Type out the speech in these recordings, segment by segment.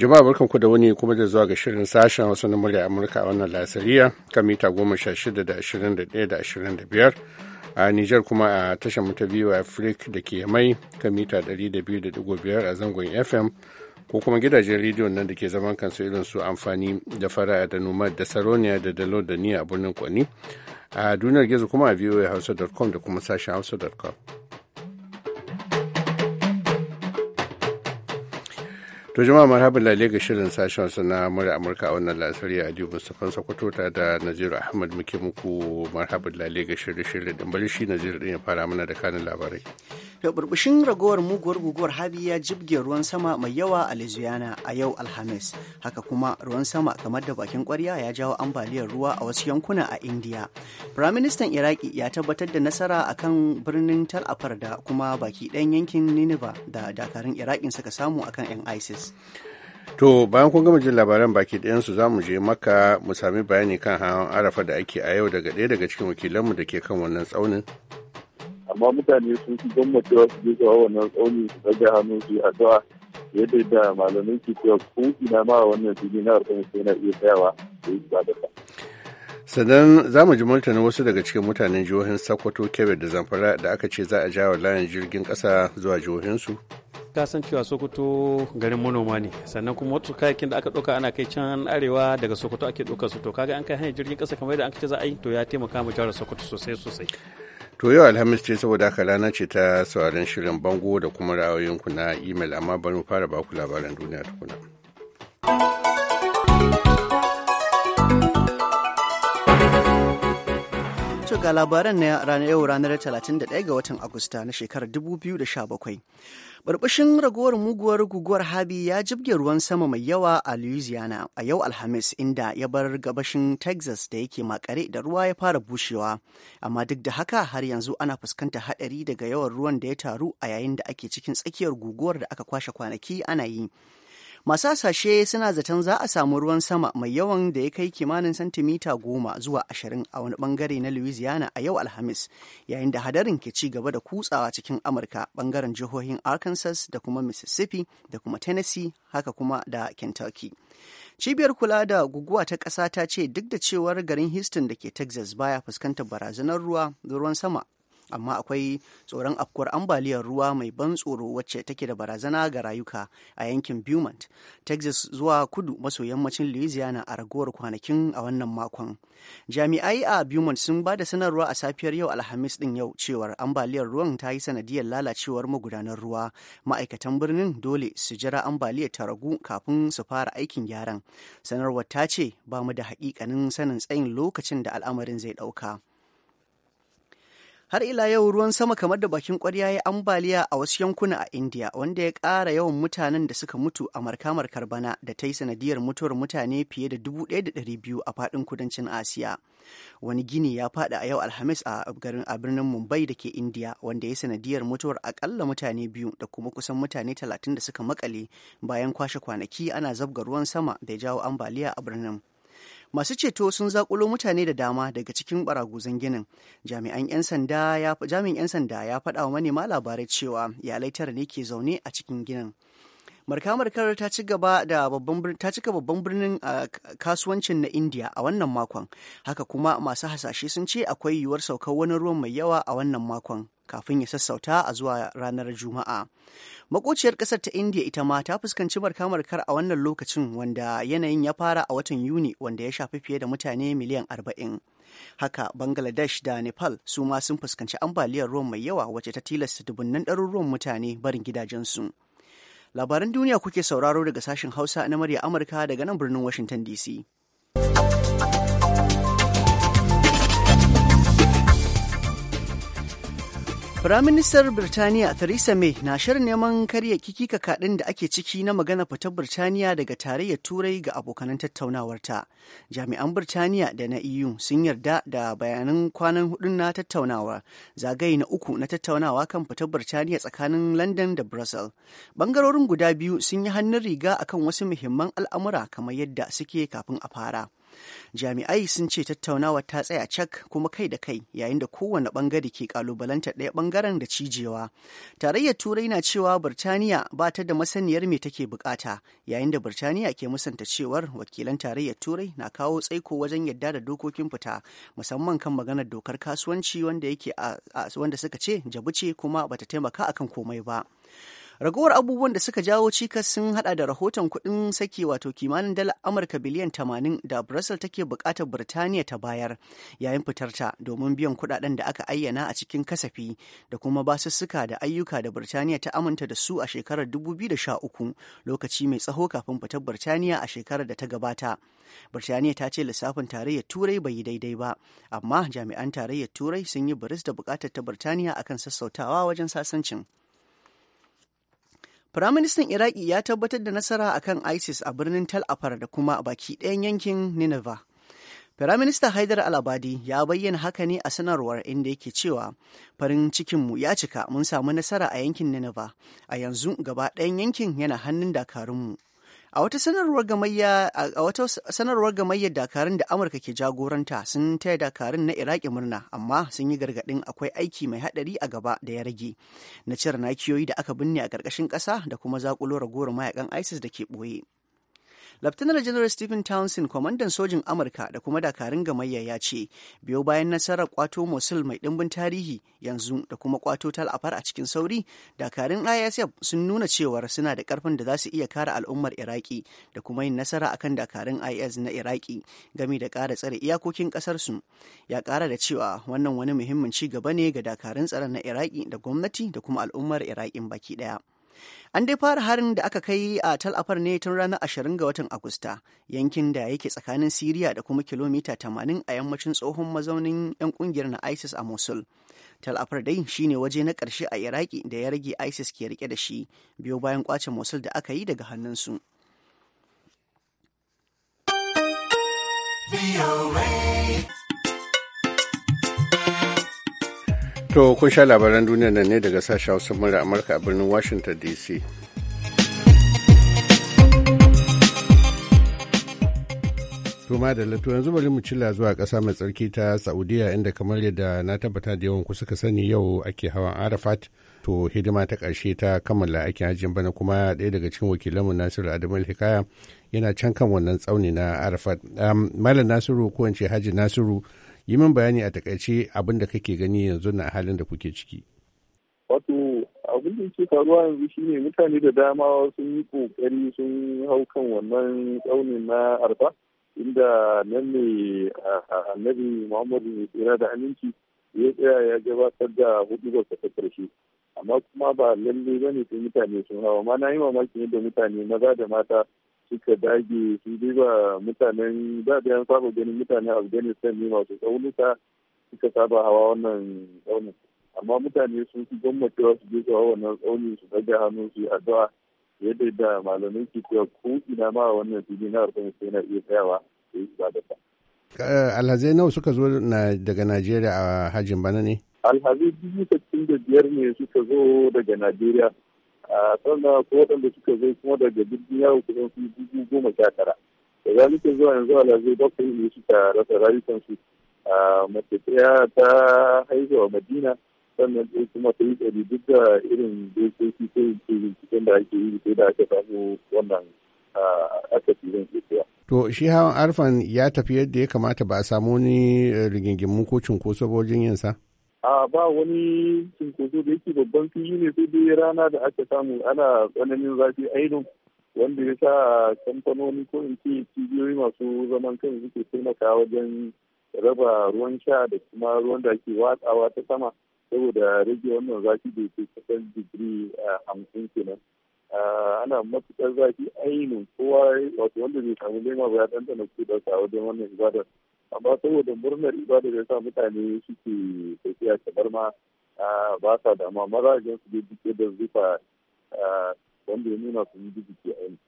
Jama'a barkanku da wani kuma da zuwa ga shirin sashen wasu na murya Amurka a wannan lasariya kan mita goma sha shida da ashirin da ɗaya da ashirin da biyar a Nijar kuma a tashar mu ta biyu Afrik da ke mai kan mita ɗari da biyu da digo biyar a zangon FM ko kuma gidajen rediyo nan da ke zaman kansu irin su amfani da fara da numa da saroniya da dalo da niya a birnin Kwani a duniyar gizo kuma a voahausa.com da kuma sashen hausa.com. To jama'a marhaban lalle ga shirin sashen wasu na murya Amurka a wannan lasari Aliyu Mustapha Sokoto ta da Naziru Ahmad muke muku marhaban lalle ga shirin shirin din shi Naziru din ya fara mana da kanin labarai. da ragowar muguwar guguwar habi ya jibge ruwan sama mai yawa a louisiana a yau alhamis haka kuma ruwan sama kamar da bakin kwarya ya jawo ambaliyar ruwa a wasu yankuna a india firaministan iraki ya tabbatar da nasara a kan birnin tal da kuma baki ɗayan yankin niniba da dakarun irakin suka samu akan 'yan isis To bayan kun gama jin labaran baki ɗayansu za mu je maka mu sami bayani kan hawan arafa da ake a yau daga ɗaya daga cikin wakilanmu da ke kan wannan tsaunin. amma mutane sun fi gwamnatewa su je zuwa wannan tsauni su ɗage hannu su yi addu'a yadda da malamin ke cewa ko ina ma wannan fili na alƙawari su na iya tsayawa da yi ba da sannan za mu ji martanin wasu daga cikin mutanen jihohin sokoto kebe da zamfara da aka ce za a jawo layin jirgin kasa zuwa jihohinsu ka san cewa sokoto garin manoma ne sannan kuma wasu kayakin da aka ɗauka ana kai can arewa daga sokoto ake ɗaukar su to kaga an kai hanyar jirgin ƙasa kamar yadda an ce za a yi to ya taimaka mu jihar sokoto sosai sosai To yau Alhamis ce saboda haka rana ce ta sauran shirin bango da kuma ra'ayoyinku na imel amma bari mu fara baku labaran duniya tukuna. ga labaran na ranar yau ranar 31 ga watan Agusta na shekarar 2017. Barbashin ragowar muguwar guguwar Habi ya jibge ruwan sama mai yawa a Louisiana a yau Alhamis inda ya bar gabashin Texas da yake makare da ruwa ya fara bushewa. Amma duk da haka har yanzu ana fuskantar haɗari daga yawan ruwan da ya taru a yayin da ake cikin tsakiyar guguwar da aka kwashe kwanaki ana yi. Masu hasashe suna zaton za a samu ruwan sama mai yawan da ya kai kimanin santimita goma zuwa ashirin a wani bangare na Louisiana a yau Alhamis, yayin da hadarin ke ci gaba da kutsawa cikin Amurka bangaren jihohin Arkansas da kuma Mississippi da kuma Tennessee haka kuma da Kentucky. Cibiyar kula da guguwa ta ƙasa ta ce duk da cewar garin Houston da ke Texas baya fuskantar barazanar ruwa ruwan sama amma akwai tsoron afkuwar ambaliyar ruwa mai ban tsoro wacce take da barazana ga rayuka a yankin Beaumont, Texas zuwa kudu maso yammacin Louisiana a ragowar kwanakin a wannan makon. Jami'ai a Beaumont sun ba da sanarwa a safiyar yau Alhamis din yau cewar ambaliyar ruwan ta yi sanadiyar lalacewar magudanar ruwa. Ma'aikatan birnin dole su jira ambaliyar ta ragu kafin su fara aikin gyaran. Sanarwar ta ce ba mu da hakikanin sanin tsayin lokacin da al'amarin zai ɗauka. har ila yau ruwan sama kamar da bakin kwarya ya ambaliya a wasu yankuna a india wanda ya kara yawan mutanen da suka mutu a markamar karbana da ta yi sanadiyar mutuwar mutane fiye da 1,200 a fadin kudancin asiya wani gini ya faɗi a yau alhamis a garin a birnin mumbai da ke india wanda ya yi sanadiyar mutuwar akalla mutane biyu da kuma kusan mutane 30 da suka makale bayan kwashe kwanaki ana zabga ruwan sama da ya jawo ambaliya a birnin masu ceto sun zakulo mutane da dama daga cikin baraguzan ginin Jami'an 'yan sanda ya faɗa wa manema labarai cewa iyalai tara ne ke zaune a cikin ginin marka-markar ta ta cika babban birnin kasuwancin na india a wannan makon haka kuma masu hasashe sun ce akwai yiwuwar saukar wani ruwan mai yawa a wannan makon kafin ya sassauta a zuwa ranar Juma'a. Makociyar ƙasar ta India ita ma ta fuskanci markar a wannan lokacin wanda yanayin ya fara a watan Yuni wanda ya shafi fiye da mutane miliyan arba'in. Haka Bangladesh da Nepal su ma sun fuskanci ambaliyar ruwan mai yawa wacce ta tilasta dubunnan ɗaruruwan mutane barin gidajensu. Labaran duniya kuke sauraro daga sashen Hausa na murya Amurka daga nan birnin Washington DC. Firaministar Birtaniya Theresa May na shirin neman karya kiki kaɗin da ake ciki na magana fitar Birtaniya daga tarayyar Turai ga abokanan tattaunawarta. Jami'an Birtaniya da na EU sun yarda da bayanan kwanan hudun na tattaunawa, zagaye na uku na tattaunawa kan fitar Birtaniya tsakanin London da Brussels. Bangarorin guda biyu sun yi hannun riga akan wasu muhimman al'amura kamar yadda suke kafin a fara. Jami'ai sun ce tattaunawar ta tsaya cak kuma kai da kai yayin da kowane bangare ke kalubalantar ɗaya bangaren da cijewa. Tarayyar Turai na cewa Birtaniya ba ta da masaniyar me take bukata yayin da Birtaniya ke musanta cewar wakilan tarayyar Turai na kawo tsaiko wajen yadda da dokokin fita musamman kan maganar dokar kasuwanci wanda yake wanda suka ce jabu ce kuma bata taimaka akan komai ba. Ragowar abubuwan da suka jawo cikas sun hada da rahoton kuɗin saki wato kimanin dala Amurka biliyan 80 da Brussels take buƙatar Birtaniya ta bayar yayin fitarta domin biyan kuɗaɗen da aka ayyana a cikin kasafi da kuma basussuka da ayyuka da Birtaniya ta aminta da su a shekarar 2013 lokaci mai tsaho kafin fitar Birtaniya a shekarar da ta gabata. Birtaniya ta ce lissafin tarayyar Turai bai yi daidai ba, amma jami'an tarayyar Turai sun yi baris da buƙatar ta Birtaniya akan sassautawa wajen sasancin. Firaministan Iraki ya tabbatar da nasara kan ISIS a birnin Tal Afar da kuma a baki ɗayan yankin Nineveh. Firaminista Haidar Alabadi ya bayyana haka ne a sanarwar inda yake cewa farin cikinmu ya cika mun samu nasara a yankin Nineveh a yanzu gaba ɗayan yankin yana hannun dakarunmu. A wata sanarwar gamayya a wata sanarwar gamayyar dakarun da Amurka ke jagoranta sun taya dakarun na Iraki murna amma sun yi gargadin akwai aiki mai hadari a gaba da ya rage na cire nakiyoyi da aka binne a ƙarƙashin ƙasa da kuma zakulo ragowar mayakan ISIS da ke ɓoye. Laftanar General Stephen Townsend, kwamandan sojin Amurka da kuma dakarun gamayya ya ce, biyo bayan nasarar kwato Mosul mai ɗimbin tarihi yanzu da kuma kwato tal'afar a cikin sauri, dakarun ISF sun nuna cewar suna da ƙarfin da za su iya kare al'ummar Iraki da kuma yin nasara akan dakarun IS na Iraki gami da ƙara tsare iyakokin ƙasarsu. Ya ƙara da cewa wannan wani muhimmin ci gaba ne ga dakarun tsaron na Iraki da gwamnati da kuma al'ummar Irakin baki ɗaya. An dai fara harin da aka kai a Tal Afar ne tun ranar ashirin ga watan Agusta, yankin da yake tsakanin Siriya da kuma kilomita tamanin a yammacin tsohon mazaunin 'yan kungiyar na ISIS a Mosul. Tal Afar dai shine waje na ƙarshe a Iraki da ya rage ISIS ke rike da shi, biyo bayan kwace Mosul da aka yi daga hannunsu. To kun sha labaran duniya nan ne daga sashen Hausa murya Amurka a birnin Washington DC. Tuma da lato yanzu bari mu cilla zuwa kasa mai tsarki ta Saudiya inda kamar yadda na tabbata da yawan ku suka sani yau ake hawan Arafat to hidima ta ƙarshe ta kammala aikin hajjin bana kuma ɗaya daga cikin wakilanmu Nasiru Adamu Hikaya yana can kan wannan tsauni na Arafat. Malam Nasiru ko in ce Haji Nasiru yi min bayani a takaice abin da kake gani yanzu na halin da kuke ciki wato abin da ke faruwa yanzu shi ne mutane da dama sun yi kokari sun hau kan wannan tsaunin na arfa inda nan ne annabi muhammadu mai tsira da aminci ya tsaya ya gabatar da hudu kasa karshe amma kuma ba lalle ba ne sai mutane sun hawa ma na yi mamakin yadda mutane maza da mata suka dage su duba mutanen da da yan saba ganin mutanen afghanistan ne masu tsaunuka suka saba hawa wannan tsaunin amma mutane sun fi gwamnatewa su je su hawa wannan tsaunin su daga hannu su yi addu'a yadda da malamin ke cewa ko ina ma wannan fili na afghanistan yana iya tsayawa su yi ibada alhazai nawa suka zo daga najeriya a hajjin bana ne alhazai dubu sittin da biyar ne suka zo daga najeriya sannan ko waɗanda suka zo kuma daga jirgin yawo kusan su dubu goma sha tara da zalika zuwa yanzu alazai bakwai ne suka rasa rayukansu mace ɗaya ta haihuwa madina sannan sai kuma ta yi tsari duk da irin dokoki ko binciken da ake yi yi da aka samu wannan aka filin tsakiya. To shi hawan arfan ya tafi yadda ya kamata ba a samu wani eh, rigingimu ko cunkoso ba wajen sa a ba wani cinkoso da yake babban fili ne sai dai rana da aka samu ana tsananin zafi ainihin wanda ya sa kamfanoni ko in ce cibiyoyi masu zaman kan suke taimaka wajen raba ruwan sha da kuma ruwan da ke watsawa ta sama saboda rage wannan zafi da ke kusan digiri hamsin kenan ana matuƙar zafi ainihin kowa wato wanda bai samu lema ba ya ɗanɗana kudarsa dauka wajen wannan ibadar amma saboda murnar ibada da sa mutane suke tafiya kamar ma ba sa dama mazajen su dai duke da zufa wanda ya nuna su yi duke a yanzu.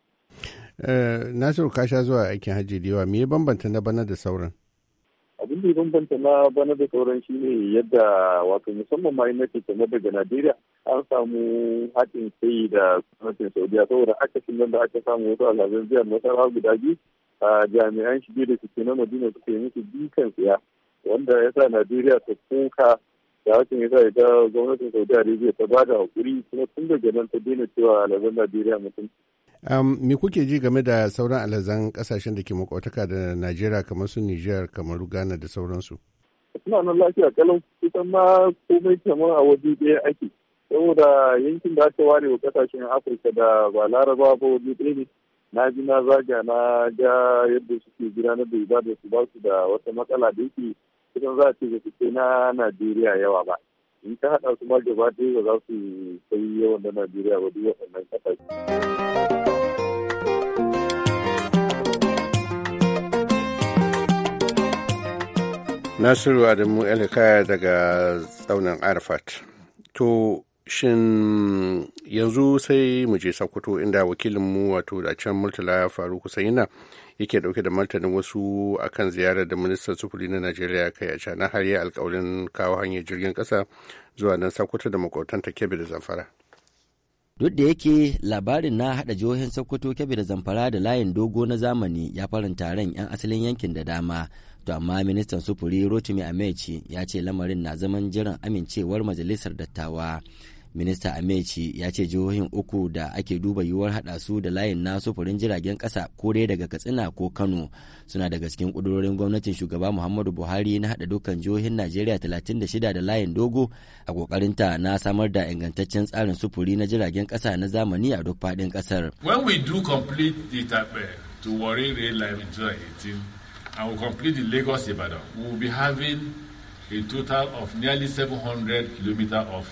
Eh, Nasiru ka sha zuwa aikin hajji da yawa me ya bambanta na bana da sauran? Abin da ya bambanta na bana da sauran shi ne yadda wato musamman ma yana kamar daga Najeriya an samu haɗin kai da gwamnatin Saudiya saboda aka nan da aka samu wasu alhazan ziyar masara guda biyu a jami'an shige da suke na madina suke yi musu kan tsiya wanda ya sa najeriya ta kuka da hakan ya sa ita gwamnatin saudi arabia ta ba da hakuri kuma tun daga nan ta daina cewa alazan najeriya mutum Um, me kuke ji game da sauran alazan kasashen da ke makwataka da Najeriya kamar su Nijar, kamar gana da sauransu? Suna nan lafiya kalan kusan ma komai kamar a waje daya ake. Saboda yankin da aka ware wa kasashen Afirka da ba larabawa ba waje ɗaya ne. na ji na zaga na ga yadda suke gudanar da ibada su ba su da wata matsala da yake kusan za a ce su kai na najeriya yawa ba in ka haɗa su ma gaba ɗaya ba za su kai yawan na najeriya ba duk waɗannan ƙasashe. Nasiru Adamu Elkaya daga tsaunin Arafat. To, shin yanzu sai mu je sakkwato inda wakilin mu wato da can murtala ya faru kusan yana yake dauke da martanin wasu akan ziyarar da ministan sufuri na najeriya kai a cana har yi alkawarin kawo hanyar jirgin kasa zuwa nan sakkwato da makwabtanta kebe da zamfara duk da yake labarin na hada jihohin sokoto kebe da zamfara da layin dogo na zamani ya faranta ran yan asalin yankin da dama to amma ministan sufuri rotimi amechi ya ce lamarin na zaman jiran amincewar majalisar dattawa minista amechi ya ce jihohin uku da ake duba yiwuwar hada su da layin na sufurin jiragen kasa ko dai daga katsina ko kano suna daga cikin kudurorin gwamnatin shugaba muhammadu buhari na hada dukkan jihohin najeriya 36 da layin dogo a kokarin ta na samar da ingantaccen tsarin sufuri na jiragen kasa na zamani a duk fadin kasar when we do complete the eh, to Warren Rail Line in 2018 and we complete the Lagos Ibadan, we will be having a total of nearly 700 kilometers of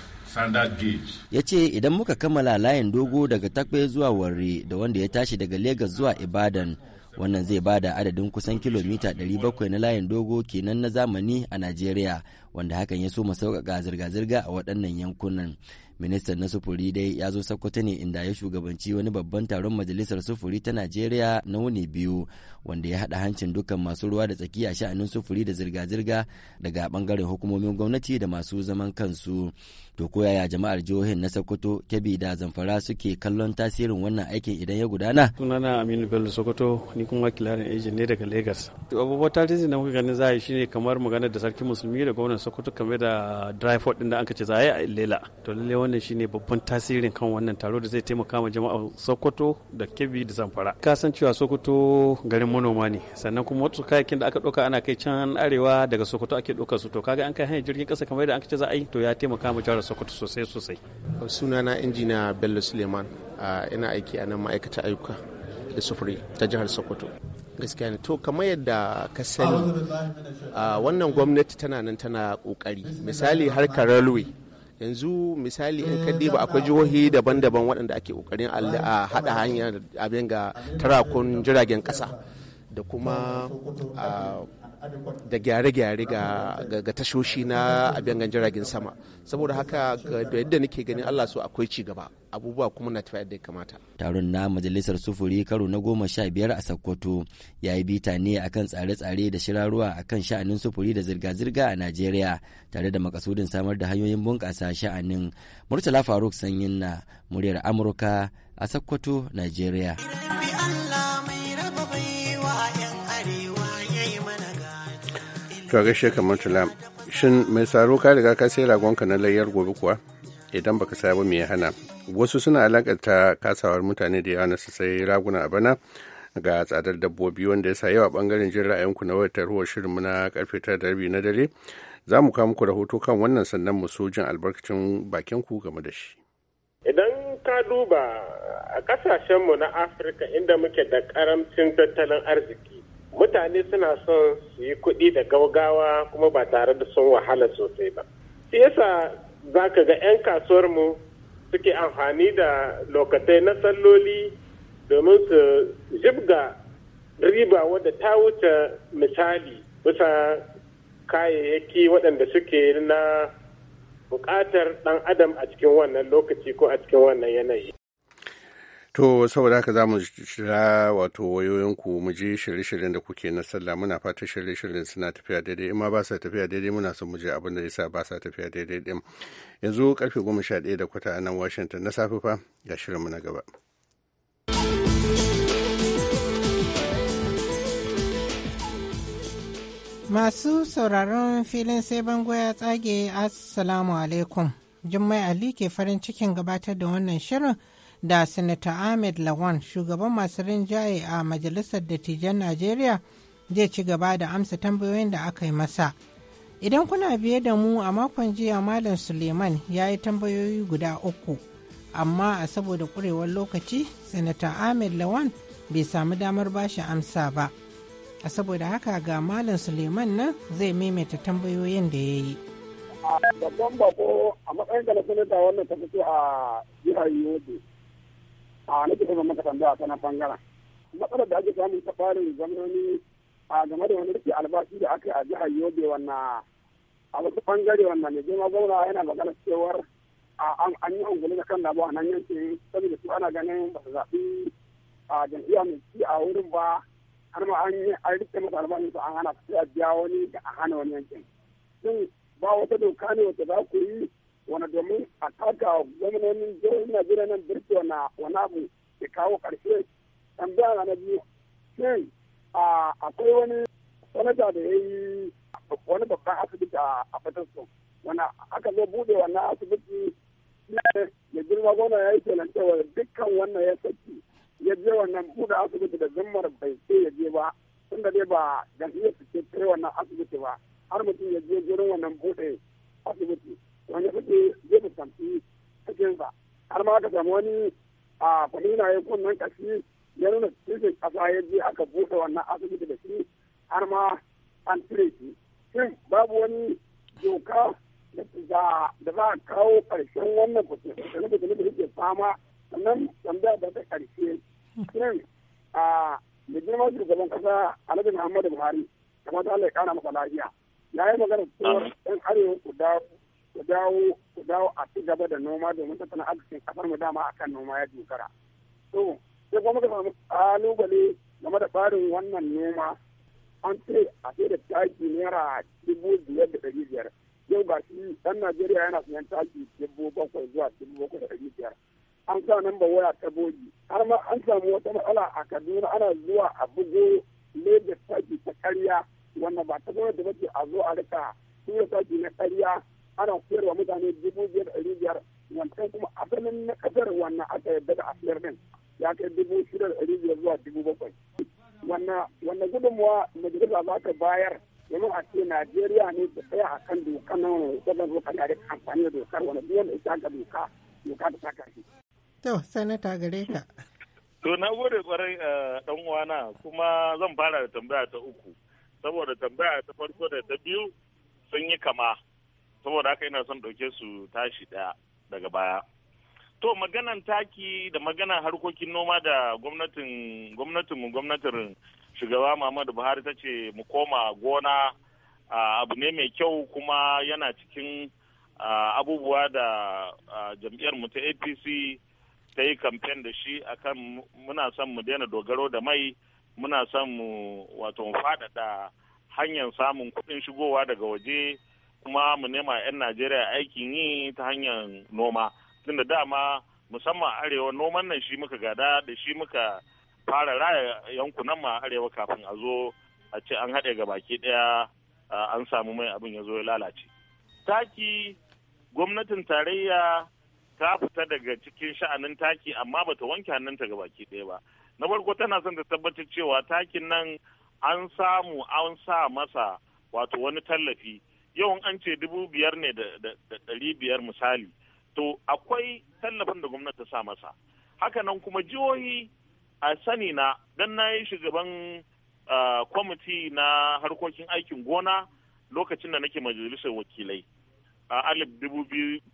ya ce idan muka kammala layin dogo daga takwe zuwa warre da wanda ya tashi daga Legas zuwa ibadan wannan zai ba da adadin kusan kilomita 700 na layin dogo kenan na zamani a najeriya wanda hakan ya so sauƙaƙa zirga-zirga a waɗannan yankunan ministan na sufuri dai ya zo sokoto ne inda ya shugabanci wani babban taron majalisar sufuri ta najeriya na wuni biyu wanda ya haɗa hancin dukkan masu ruwa da tsakiya sha'anin sufuri da zirga-zirga daga bangaren hukumomin gwamnati da masu zaman kansu to koyaya jama'ar jihohin na sokoto kebbi da zamfara suke kallon tasirin wannan aikin idan ya gudana sunana aminu bello sokoto ni kuma kilarin ejin ne daga lagos abubuwa abubuwan tarihin na muka gani yi shine kamar maganar da sarki musulmi da gwamnan sokoto kamar da dryford din da an ce za a yi a lela to lalle wannan shine babban tasirin kan wannan taro da zai taimaka ma jama'ar sokoto da kebbi da zamfara ka san cewa sokoto garin manoma ne sannan kuma wasu kayayyakin da aka ɗauka ana kai can arewa daga sokoto ake ɗauka su to kaga an kai hanyar jirgin ƙasa kamar yadda an ce za a yi to ya taimaka mu jihar sokoto sosai sosai sunana injina bello suleiman ina aiki a nan ma'aikata ayyuka da sufuri ta jihar sokoto gaskiya ne to kamar yadda ka sani wannan gwamnati tana nan tana kokari misali harkar railway yanzu misali in ka eh, diba akwai jihohi daban-daban waɗanda ake ƙoƙarin a haɗa hanyar abin ga tarakun jiragen ƙasa da kuma da gyare-gyare ga tashoshi na abin jiragen sama saboda haka da yadda nake ganin allah so akwai ci gaba abubuwa kuma na tafiya da ya kamata taron na majalisar sufuri karo na goma sha biyar a sokoto ya yi bita ne akan tsare-tsare da shirarwa akan sha'anin sufuri da zirga-zirga a najeriya tare da makasudin samar da hanyoyin bunƙasa sha'anin murtala faruk sanyin na muryar amurka a sokoto najeriya To gaishe kamar tula. Shin mai tsaro ka riga ka sai ragonka na layyar gobe kuwa? Idan baka saya ba me ya hana. Wasu suna alakanta kasawar mutane da yawa na su sai raguna a bana ga tsadar dabbobi wanda ya sa yawa bangaren jin ra'ayinku na wayar tarhuwar shirin muna karfe tara da rabi na dare. Za mu kawo muku rahoto kan wannan sannan mu so jin albarkacin bakin ku game da shi. Idan ka duba a kasashenmu na Afirka inda muke da karamcin tattalin arziki mutane suna son su yi kuɗi da gaugawa kuma ba tare da sun wahala sosai ba shi yasa za ka ga 'yan kasuwar mu suke amfani da lokacin na salloli domin su jibga riba wadda ta wuce misali bisa kayayyaki waɗanda suke na buƙatar ɗan adam a cikin wannan lokaci ko a cikin wannan yanayi To saboda haka za mu shira wato wayoyinku mu je shirye-shiryen da kuke na sallah muna fata shirye-shiryen suna tafiya daidai in ma ba sa tafiya daidai muna son mu je abin da yasa ba sa tafiya daidai din. Yanzu karfe goma sha ɗaya da kwata a nan Washington na safe fa ga mu na gaba. Masu sauraron filin sai bango ya tsage Assalamu alaikum. Jummai Ali ke farin cikin gabatar da wannan shirin da Sanata Ahmed Lawan shugaban masu rinjaye a Majalisar Dattijan Najeriya zai ci gaba da amsa tambayoyin da aka yi masa. Idan kuna biye da mu a makon jiya Malam Suleiman ya yi tambayoyi guda uku, amma a saboda ƙurewar lokaci, Sanata Ahmed Lawan bai samu damar bashi amsa ba. A saboda haka ga Malam Suleiman nan zai maimaita tambayoyin da ya yi. Babban bako a matsayin da na sanata wannan ta fito a jihar Yobe. a nake so maka tambaya ta na bangaren matsalar da ake samun ta farin gwamnoni a game da wani rike albashi da aka yi a jihar yobe wannan a wasu bangare wannan ne jima zauna yana magana cewar an yi hankali da kan a nan yanke, saboda su ana ganin ba su zaɓi a jam'iyya mai ci a wurin ba har ma an yi an rike masa albashin su an hana su a biya wani da a hana wani yankin. Shin ba wata doka ne wata za ku yi Wana domin a taka gwamnonin jihohin najeriya nan birki wana abu ke kawo karshe tambaya na biyu a akwai wani sanata da ya yi wani babban asibiti a fatarsu Wana aka zo bude wannan asibiti ya girma gona ya yi kenan cewa dukkan wannan ya saki ya je wannan bude asibiti da zimmar bai ce ya je ba da dai ba jam'iyyar su ce kai wannan asibiti ba har mutum ya je gurin wannan bude asibiti wani kuɗi zai fuskanci cikinsa har ma aka samu wani a kwalina ya kunnan kashi ya nuna cikin ƙasa ya je aka buɗe wannan asibiti da shi har ma an cire shi shin babu wani doka da za a kawo ƙarshen wannan kusurkutane da suke fama sannan tambaya da ta ƙarshe shin a da girma shugaban ƙasa alhaji muhammadu buhari kamar ta Allah ya ƙara masa lafiya ya yi magana cewa ɗan arewa ku dawo ku dawo ku dawo a ci gaba da noma domin tattalin arzikin kasar mu dama a kan noma ya dogara to sai kuma muka samu kalubale game da tsarin wannan noma an ce a sai da taki naira dubu biyar da ɗari biyar yau ga shi ɗan najeriya yana siyan taki dubu bakwai zuwa dubu bakwai da ɗari biyar an sa nan ba waya ta bogi har ma an samu wata matsala a kaduna ana zuwa a bugo lagos taki ta karya wannan ba ta gwamnati ba ce a zo a rika yi taki na karya ana wa mutane dubu biyar ɗari biyar wancan kuma asalin na ƙasar wannan aka yadda da asiyar din ya kai dubu shida ɗari biyar zuwa dubu bakwai wannan gudunmuwa majalisa za ta bayar domin a ce najeriya ne ta tsaya a kan doka nan wannan doka da amfani da dokar wani biyan da ita ga doka doka ta saka shi. to sanata gare ka. to na gode kwarai dan eh, uwana kuma zan fara da tambaya ta uku saboda tambaya ta farko da ta biyu sun yi kama saboda haka ina son ɗauke su tashi ɗaya daga baya to maganan taki da maganan harkokin noma da gwamnatin gwamnatin gwamnatin shugaba muhammadu buhari ta ce mu koma gona abu ne mai kyau kuma yana cikin abubuwa da jam'iyyar mu ta apc ta yi kamfen da shi akan muna son mu daina dogaro da mai muna son mu wato faɗaɗa hanyar samun kuɗin shigowa daga waje kuma mu nema 'yan najeriya aikin yi ta hanyar noma tunda dama musamman arewa noman nan shi muka gada da shi muka fara raya yankunan ma arewa kafin a zo a ce an haɗe ga baki ɗaya an samu mai abin ya zo ya lalace taki gwamnatin tarayya ta fita daga cikin sha'anin taki amma ba ta wanke hannunta ga baki ɗaya ba na farko tana son ta tabbatar cewa takin nan an samu an sa masa wato wani tallafi yawan an ce dubu biyar ne da ɗari biyar misali to akwai tallafin da gwamnati ta sa masa hakanan kuma jihohi a sani na don na yi shugaban kwamiti na harkokin aikin gona lokacin da nake majalisar wakilai a alif dubu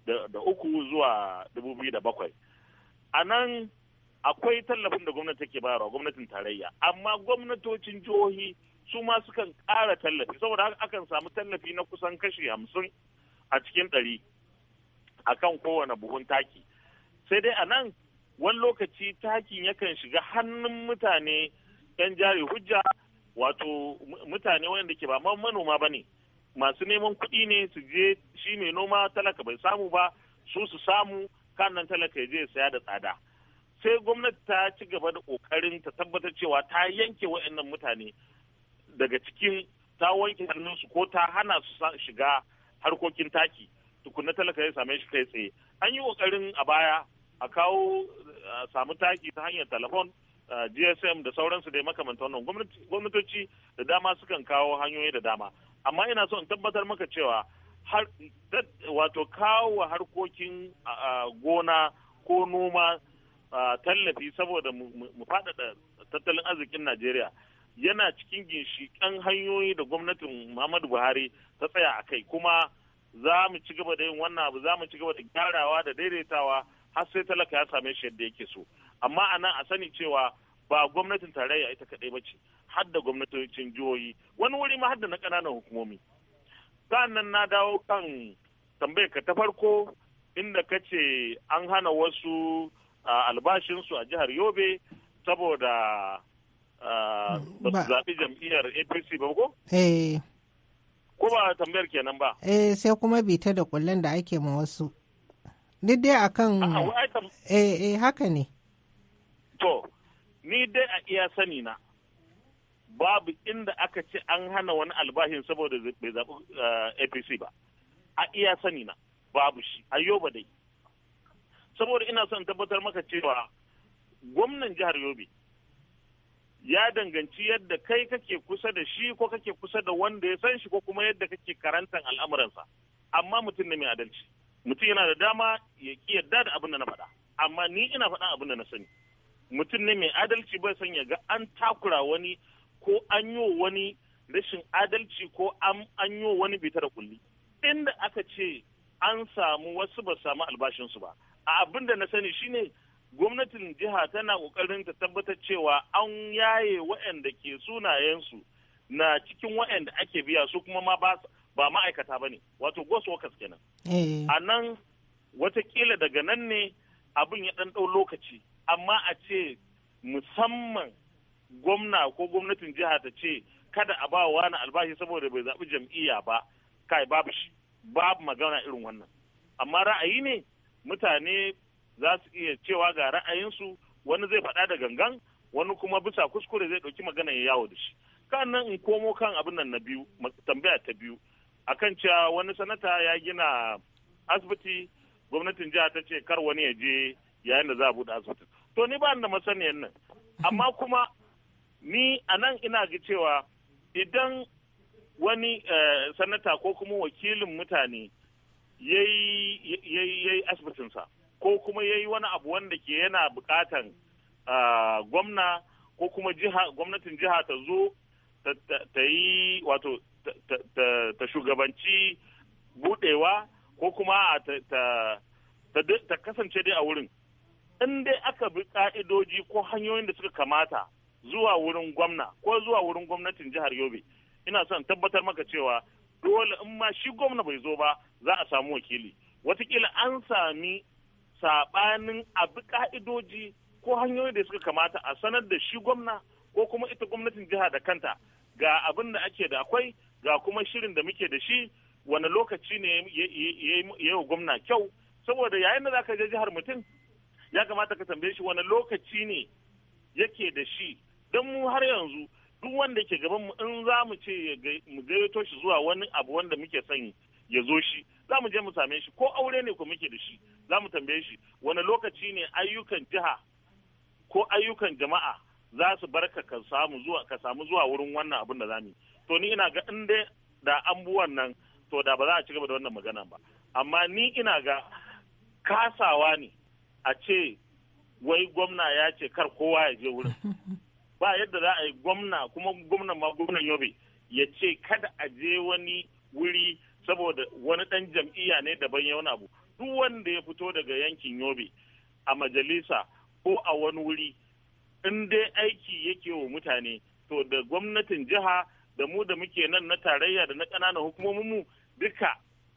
da uku zuwa dubu biyu da bakwai a nan akwai tallafin da gwamnati take bayarwa gwamnatin tarayya amma gwamnatocin jihohi su ma sukan ƙara tallafi saboda haka akan samu tallafi na kusan kashi hamsin a cikin ɗari a kan kowane buhun taki sai dai a nan wani lokaci takin yakan shiga hannun mutane 'yan jari hujja wato mutane wanda ke ba manoma ba ne masu neman kuɗi ne su je shi mai noma talaka bai samu ba su su samu kanan talaka ya je saya da tsada sai gwamnati ta ci gaba da ƙoƙarin ta tabbatar cewa ta yanke waɗannan mutane daga cikin ta wanke hannunsu ko ta hana su shiga harkokin taki tukunna talaka ya same shi kai tsaye an yi kokarin a baya a kawo samu taki ta hanyar telefon gsm da sauransu da makamanta wannan gwamnatoci da dama sukan kawo hanyoyi da dama amma ina so in tabbatar maka cewa har wato kawo harkokin gona ko noma tallafi saboda mu faɗaɗa tattalin arzikin najeriya yana cikin ginshiƙan hanyoyi da gwamnatin Muhammadu Buhari ta tsaya a kai kuma za mu ci gaba da yin wannan abu za mu ci gaba da gyarawa da daidaitawa har sai talaka ya same shi yadda yake so amma a nan a sani cewa ba gwamnatin tarayya ita kaɗai ba ce har da gwamnatocin jihohi wani wuri ma har da na ƙananan hukumomi sa'annan na dawo kan tambayar ka ta farko inda ka ce an hana wasu albashinsu a jihar yobe saboda ba su jam'iyyar apc ba ko? eh ko ba tambayar kenan ba eh sai kuma bita da kullum da ake ma wasu duk dai akan eh eh haka ne to ni dai a iya sani na babu inda aka ce an hana wani albashin saboda bai zaɓi eh, apc ba a iya sani na babu shi ayyoba dai saboda ina son tabbatar maka cewa gwamnan jihar yobe ya danganci yadda kai kake kusa da shi ko kake kusa da wanda ya san shi ko kuma yadda kake karantan al'amuransa amma mutum ne mai adalci mutum yana da dama ya ki yadda da abin da na faɗa amma ni ina faɗa abin da na sani mutum ne mai adalci bai san ya ga an takura wani ko an yi wani rashin adalci ko an yi wani bita da kulli inda aka ce an samu wasu ba samu albashinsu ba a abin da na sani shine gwamnatin jiha tana kokarin ta tabbatar cewa an yaye waɗanda ke sunayensu na cikin waɗanda ake biya su kuma ma ba ma'aikata ba ne wato ghost workers kenan eh. a nan watakila daga nan ne abin ya ɗan ɗau lokaci amma a ce musamman gwamna ko gwamnatin jiha ta ce kada a ba wa na albashi saboda bai zaɓi jam'iyya ba kai babu shi babu magana irin wannan amma ra'ayi ne mutane za su iya cewa ga ra'ayinsu wani zai faɗa da gangan wani kuma bisa kuskure zai ɗauki magana ya yawo da shi kan nan in komo kan abin nan na biyu tambaya ta biyu akan cewa wani sanata ya gina asibiti gwamnatin jiha ta ce kar wani ya je yayin da za a buɗe asibitin to ni ba da masaniyan nan amma kuma ni a nan ina ga cewa idan wani eh, sanata ko kuma wakilin mutane yayi asibitin sa. ko kuma ya yi wani abu wanda ke yana bukatan gwamna ko kuma gwamnatin jiha ta zo ta yi wato ta shugabanci budewa ko kuma ta kasance dai a wurin in dai aka bi ka'idoji ko hanyoyin da suka kamata zuwa wurin gwamna ko zuwa wurin gwamnatin jihar yobe ina son tabbatar maka cewa dole in ma shi gwamna bai zo ba za a samu wakili watakila an sami sabanin abi ka'idoji ko hanyoyin da suka kamata a sanar da shi gwamna ko kuma ita gwamnatin jiha da kanta ga abin da ake da akwai ga kuma shirin da muke da shi wani lokaci ne ya yi gwamna kyau saboda yayin da zaka je jihar mutum ya kamata ka tambaye shi wani lokaci ne yake da shi don mu har yanzu duk wanda ke gaban mu in za mu ce mu gayyato shi zuwa wani abu wanda muke son ya zo shi za mu je mu same shi ko aure ne ko muke da shi za mu tambaye shi wani lokaci ne ayyukan jiha ko ayyukan jama'a za su barka ka samu zuwa ka samu zuwa wurin wannan abin da zamu to ni ina ga in dai da ambuwan nan to da ba za a ci gaba da wannan magana ba amma ni ina ga kasawa ne a ce wai gwamna ya ce kar kowa ya je wurin ba yadda za a yi gwamna kuma gwamnan ma gwamnan yobe ya ce kada a je wani wuri saboda wani ɗan jam'iyya ne daban ya wani abu duk wanda ya fito daga yankin yobe a majalisa ko a wani wuri in dai aiki yake wa mutane to da gwamnatin jiha da mu da muke nan na tarayya da na ƙananan hukumomin mu duka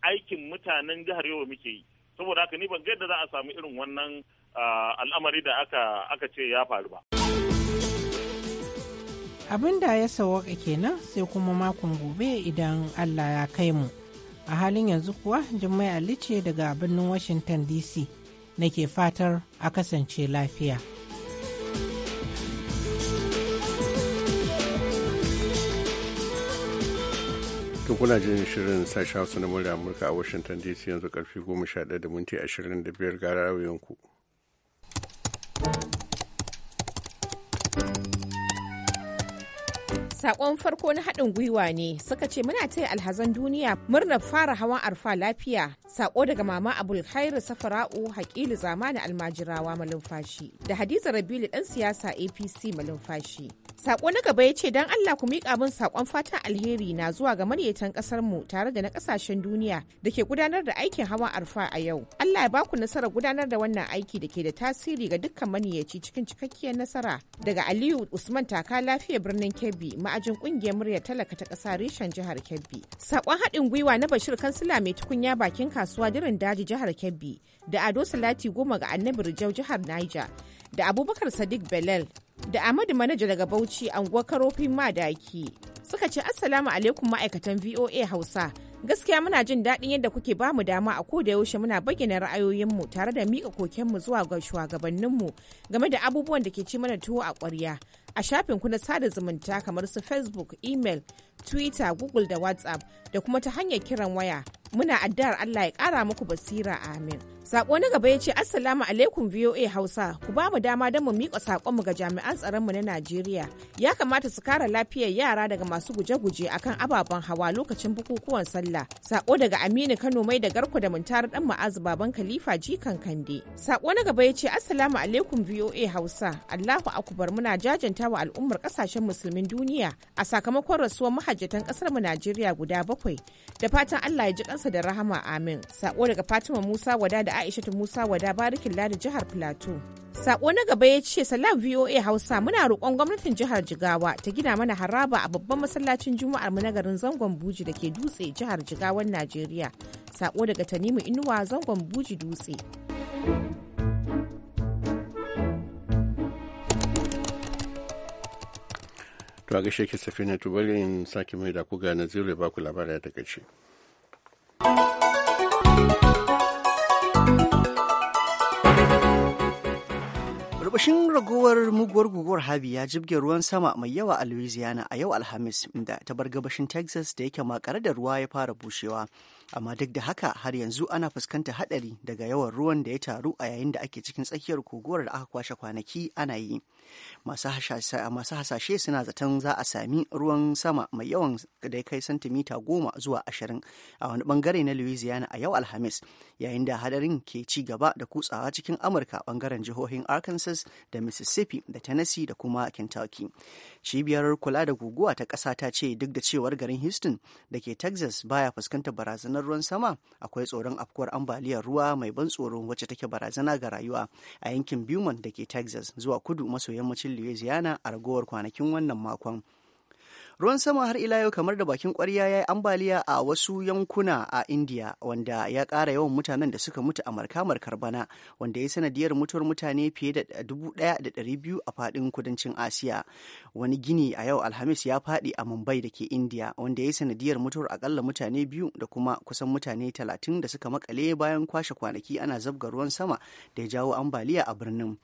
aikin mutanen jihar yau muke yi saboda haka ni ban ga yadda za a samu irin wannan al'amari da aka ce ya faru ba abin da ya sawaka kenan sai kuma makon gobe idan allah ya kai mu a halin yanzu kuwa Jummai Ali ce daga birnin Washington DC nake fatar a kasance lafiya. kuna jin shirin sashen hausa na murya Amurka a Washington DC yanzu karfi 11:25 da minti gara ku. sakon farko na haɗin gwiwa ne suka ce muna taya alhazan duniya murnar fara hawan arfa lafiya sako daga mama abul khairu safara'u hakilu zamani almajirawa malumfashi da hadiza rabilu ɗan siyasa apc malumfashi Sako na gaba ya ce don Allah ku miƙa min sakon fatan alheri na zuwa ga maryatan ƙasar mu tare da na ƙasashen duniya da ke gudanar da aikin hawa arfa a yau. Allah ya baku nasarar gudanar da wannan aiki da ke da tasiri ga dukkan maniyaci cikin cikakkiyar nasara daga Aliyu Usman Taka lafiya birnin Kebbi ma'ajin ƙungiyar murya talaka ta ƙasa reshen jihar Kebbi. Sakon haɗin gwiwa na Bashir Kansila mai tukunya bakin kasuwa dirin daji jihar Kebbi da Ado Salati goma ga Annabi Rijau jihar Niger da Abubakar Sadiq Belal da ahmadu Manaja daga Bauchi anguwar Karofin Madaki suka ce Assalamu alaikum ma'aikatan VOA Hausa. Gaskiya muna jin daɗin yadda kuke ba mu dama a koda yaushe muna bayyana ra'ayoyinmu tare da miƙa kokenmu zuwa ga shugabanninmu game da abubuwan da ke ci mana tuwo a ƙwarya. A shafin ku na sada zumunta kamar su Facebook, email, Twitter, Google da WhatsApp da kuma ta hanyar kiran waya Muna addu'ar Allah ya kara muku basira amin. Sako na gaba ya ce Assalamu alaikum VOA Hausa ku ba mu dama don mu miƙa mu ga jami'an tsaronmu na Najeriya. Ya kamata su kare lafiyar yara daga masu guje-guje akan ababen hawa lokacin bukukuwan sallah. Sako daga Aminu Kano mai da garku da muntar dan ma'azu baban Khalifa Jikan Kande. Sako na gaba ya ce Assalamu alaikum VOA Hausa. Allahu akbar muna jajanta wa al'ummar kasashen musulmin duniya a sakamakon rasuwar mahajjatan kasar mu Najeriya guda bakwai. Da fatan Allah ya ji kansa da rahama amin sako daga fatima musa wada da aishatu musa wada barikin ladi jihar plateau Sako na gaba ya ce salam VOA Hausa muna roƙon gwamnatin jihar Jigawa ta gina mana haraba a babban masallacin Juma'ar mu na garin Zangon Buji da ke Dutse jihar Jigawan Najeriya. Sako daga Tanimu Inuwa Zangon Buji Dutse. To a gaishe ki safina tubalin sake mai da ku ga Naziru ba ku labarai daga ce. Rubashin ragowar muguwar guguwar Habi ya jibge ruwan sama mai yawa a Louisiana a yau Alhamis, da ta bar gabashin Texas da yake makare da ruwa ya fara bushewa. amma duk da haka har yanzu ana fuskanta hadari daga yawan ruwan da ya taru a yayin da ake cikin tsakiyar guguwar da aka kwashe kwanaki ana yi masu hasashe suna zaton za a sami ruwan sama mai yawan da ya kai santimita goma zuwa ashirin a wani bangare na louisiana a yau alhamis yayin da hadarin ke ci gaba da kutsawa cikin amurka bangaren jihohin arkansas da mississippi da tennessee da kuma kentucky cibiyar kula da guguwa ta ƙasa ta ce duk da cewar garin houston da ke texas baya fuskantar barazanar barazanar ruwan sama akwai tsoron afkuwar ambaliyar ruwa mai ban tsoro wacce take barazana ga rayuwa a yankin Beaumont da ke Texas zuwa kudu maso yammacin Louisiana a ragowar kwanakin wannan makon. ruwan sama har ila yau kamar da bakin kwarya ya yi ambaliya a wasu yankuna a india wanda ya kara yawan mutanen da suka mutu a markamar karbana wanda ya sanadiyar mutuwar mutane fiye da dubu da biyu a fadin kudancin asiya wani gini a yau alhamis ya fadi a mumbai da ke india wanda ya yi sanadiyar mutuwar akalla mutane biyu da kuma kusan mutane talatin da suka makale bayan kwashe kwanaki ana zabga ruwan sama da ya jawo ambaliya a birnin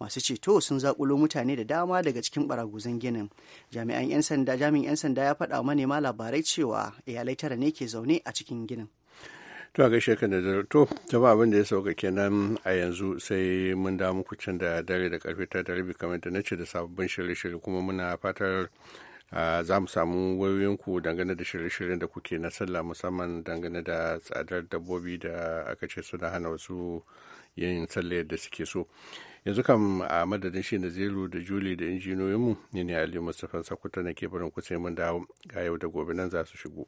masu ceto sun zakulo mutane da dama daga cikin baraguzan ginin jami'an 'yan sanda jami'an ginin 'yan sanda ya faɗa manema labarai cewa iyalai tara ne ke zaune a cikin ginin to a gaishe ka da to jama abin da ya sauka kenan a yanzu sai mun da muku can da dare da karfe ta da rabi kamar da na ce da sababbin shirye-shirye kuma muna fatar za mu samu wayoyin ku dangane da shirye-shiryen da kuke na sallah musamman dangane da tsadar dabbobi da aka ce suna hana wasu yin sallah da suke so yanzu kam a madadin shi zelu da juli da injiniyoyinmu ne ne ali mustapha sakuta na ke barin kusa mun dawo ga yau da gobe nan za su shigo.